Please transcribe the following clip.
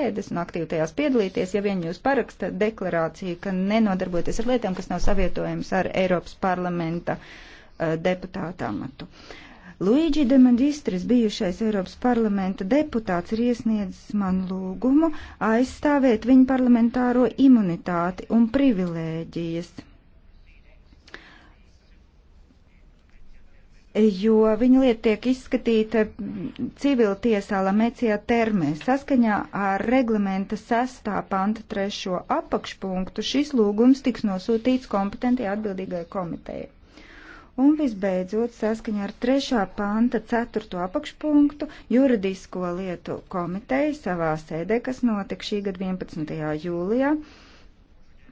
sēdes un aktīvi tajās piedalīties, ja vien jūs parakstat deklarāciju, ka nenodarboties ar lietām, kas nav savietojams ar Eiropas parlamenta uh, deputāta amatu. Luigi de Magistris, bijušais Eiropas parlamenta deputāts, ir iesniedzis man lūgumu aizstāvēt viņa parlamentāro imunitāti un privilēģijas. jo viņa lieta tiek izskatīta civil tiesā Lamecijā termē. Saskaņā ar reglamenta 6. panta 3. apakšpunktu šis lūgums tiks nosūtīts kompetentajai atbildīgai komitejai. Un visbeidzot, saskaņā ar 3. panta 4. apakšpunktu juridisko lietu komiteja savā sēdē, kas notika šī gada 11. jūlijā,